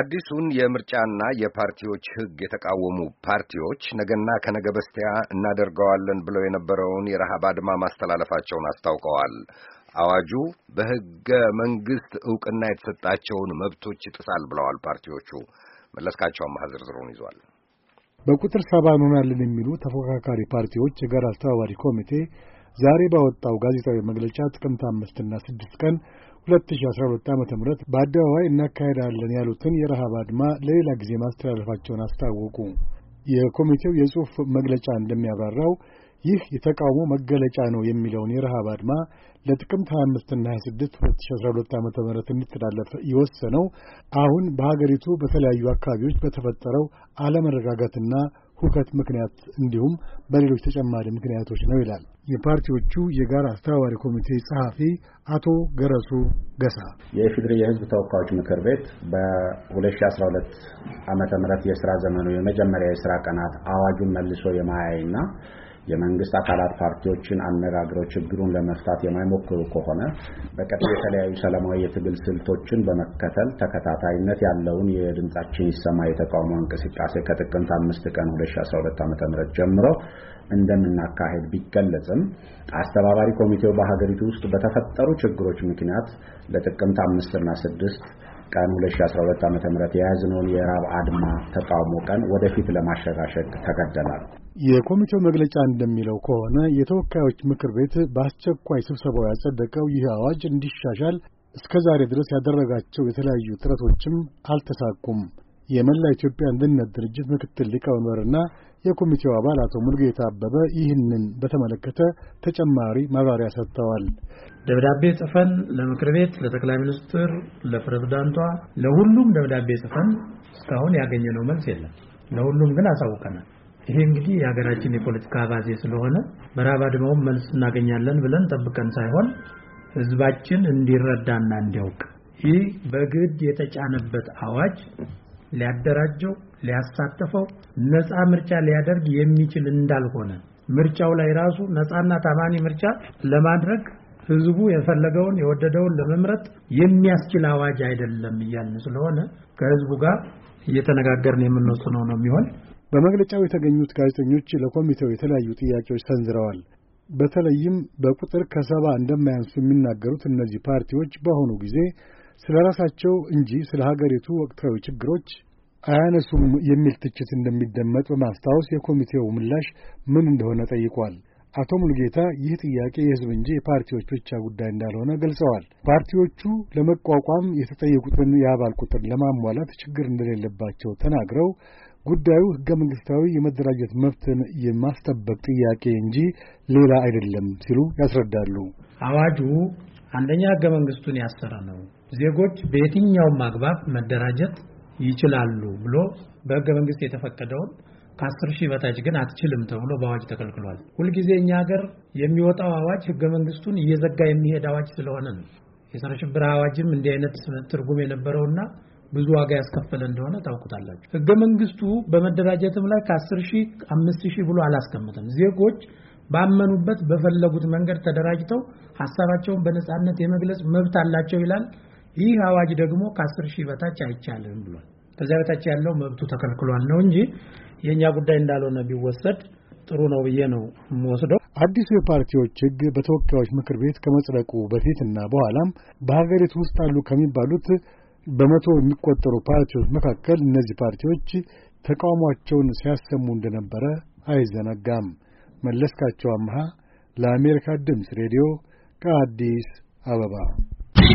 አዲሱን የምርጫና የፓርቲዎች ሕግ የተቃወሙ ፓርቲዎች ነገና ከነገ በስቲያ እናደርገዋለን ብለው የነበረውን የረሃብ አድማ ማስተላለፋቸውን አስታውቀዋል። አዋጁ በሕገ መንግሥት ዕውቅና የተሰጣቸውን መብቶች ይጥሳል ብለዋል ፓርቲዎቹ። መለስካቸው አማሃ ዝርዝሩን ይዟል። በቁጥር ሰባ እንሆናለን የሚሉ ተፎካካሪ ፓርቲዎች የጋራ አስተባባሪ ኮሚቴ ዛሬ ባወጣው ጋዜጣዊ መግለጫ ጥቅምት አምስትና ስድስት ቀን 2012 ዓ ም በአደባባይ እናካሄዳለን ያሉትን የረሃብ አድማ ለሌላ ጊዜ ማስተላለፋቸውን አስታወቁ። የኮሚቴው የጽሑፍ መግለጫ እንደሚያብራራው ይህ የተቃውሞ መገለጫ ነው የሚለውን የረሃብ አድማ ለጥቅምት 25ና 26 2012 ዓ ም እንዲተላለፍ የወሰነው አሁን በሀገሪቱ በተለያዩ አካባቢዎች በተፈጠረው አለመረጋጋትና ሁከት ምክንያት እንዲሁም በሌሎች ተጨማሪ ምክንያቶች ነው ይላል የፓርቲዎቹ የጋራ አስተባባሪ ኮሚቴ ጸሐፊ አቶ ገረሱ ገሳ። የኢፌዴሪ የህዝብ ተወካዮች ምክር ቤት በ2012 ዓ ም የስራ ዘመኑ የመጀመሪያ የስራ ቀናት አዋጁን መልሶ የማያይና የመንግስት አካላት ፓርቲዎችን አነጋግረው ችግሩን ለመፍታት የማይሞክሩ ከሆነ በቀጥ የተለያዩ ሰላማዊ የትግል ስልቶችን በመከተል ተከታታይነት ያለውን የድምጻችን ይሰማ የተቃውሞ እንቅስቃሴ ከጥቅምት አምስት ቀን 2012 ዓ.ም ጀምሮ እንደምናካሄድ ቢገለጽም አስተባባሪ ኮሚቴው በሀገሪቱ ውስጥ በተፈጠሩ ችግሮች ምክንያት ለጥቅምት አምስትና ስድስት ቀን 2012 ዓ.ም የያዝነውን የራብ አድማ ተቃውሞ ቀን ወደፊት ለማሸጋሸግ ተገደናል። የኮሚቴው መግለጫ እንደሚለው ከሆነ የተወካዮች ምክር ቤት በአስቸኳይ ስብሰባው ያጸደቀው ይህ አዋጅ እንዲሻሻል እስከ ዛሬ ድረስ ያደረጋቸው የተለያዩ ጥረቶችም አልተሳኩም። የመላ ኢትዮጵያ አንድነት ድርጅት ምክትል ሊቀመንበርና የኮሚቴው አባል አቶ ሙልጌታ አበበ ይህንን በተመለከተ ተጨማሪ ማብራሪያ ሰጥተዋል። ደብዳቤ ጽፈን ለምክር ቤት፣ ለጠቅላይ ሚኒስትር፣ ለፕሬዝዳንቷ፣ ለሁሉም ደብዳቤ ጽፈን እስካሁን ያገኘነው መልስ የለም። ለሁሉም ግን አሳውቀናል። ይሄ እንግዲህ የሀገራችን የፖለቲካ አባዜ ስለሆነ በረሃብ አድማውም መልስ እናገኛለን ብለን ጠብቀን ሳይሆን ህዝባችን እንዲረዳና እንዲያውቅ ይህ በግድ የተጫነበት አዋጅ ሊያደራጀው፣ ሊያሳተፈው፣ ነፃ ምርጫ ሊያደርግ የሚችል እንዳልሆነ ምርጫው ላይ ራሱ ነፃና ታማኒ ምርጫ ለማድረግ ህዝቡ የፈለገውን የወደደውን ለመምረጥ የሚያስችል አዋጅ አይደለም እያልን ስለሆነ ከህዝቡ ጋር እየተነጋገርን የምንወስነው ነው የሚሆን። በመግለጫው የተገኙት ጋዜጠኞች ለኮሚቴው የተለያዩ ጥያቄዎች ሰንዝረዋል። በተለይም በቁጥር ከሰባ እንደማያንሱ የሚናገሩት እነዚህ ፓርቲዎች በአሁኑ ጊዜ ስለ ራሳቸው እንጂ ስለ ሀገሪቱ ወቅታዊ ችግሮች አያነሱም የሚል ትችት እንደሚደመጥ በማስታወስ የኮሚቴው ምላሽ ምን እንደሆነ ጠይቋል። አቶ ሙልጌታ ይህ ጥያቄ የሕዝብ እንጂ የፓርቲዎች ብቻ ጉዳይ እንዳልሆነ ገልጸዋል። ፓርቲዎቹ ለመቋቋም የተጠየቁትን የአባል ቁጥር ለማሟላት ችግር እንደሌለባቸው ተናግረው ጉዳዩ ሕገ መንግሥታዊ የመደራጀት መብትን የማስጠበቅ ጥያቄ እንጂ ሌላ አይደለም ሲሉ ያስረዳሉ። አዋጁ አንደኛ ሕገ መንግሥቱን ያሰረ ነው። ዜጎች በየትኛውም አግባብ መደራጀት ይችላሉ ብሎ በህገ መንግስት የተፈቀደውን ከአስር ሺህ በታች ግን አትችልም ተብሎ በአዋጅ ተከልክሏል። ሁልጊዜ እኛ ሀገር የሚወጣው አዋጅ ህገ መንግስቱን እየዘጋ የሚሄድ አዋጅ ስለሆነ ነው። የጸረ ሽብር አዋጅም እንዲህ አይነት ትርጉም የነበረውና ብዙ ዋጋ ያስከፈለ እንደሆነ ታውቁታላችሁ። ህገ መንግስቱ በመደራጀትም ላይ ከአስር ሺህ አምስት ሺህ ብሎ አላስቀምጥም። ዜጎች ባመኑበት በፈለጉት መንገድ ተደራጅተው ሀሳባቸውን በነጻነት የመግለጽ መብት አላቸው ይላል። ይህ አዋጅ ደግሞ ከአስር ሺህ በታች አይቻልም ብሏል። ከዚያ በታች ያለው መብቱ ተከልክሏል ነው እንጂ የእኛ ጉዳይ እንዳልሆነ ቢወሰድ ጥሩ ነው ብዬ ነው የምወስደው። አዲሱ የፓርቲዎች ህግ በተወካዮች ምክር ቤት ከመጽደቁ በፊትና በኋላም በሀገሪቱ ውስጥ አሉ ከሚባሉት በመቶ የሚቆጠሩ ፓርቲዎች መካከል እነዚህ ፓርቲዎች ተቃውሟቸውን ሲያሰሙ እንደነበረ አይዘነጋም። መለስካቸው አምሃ ለአሜሪካ ድምፅ ሬዲዮ ከአዲስ አበባ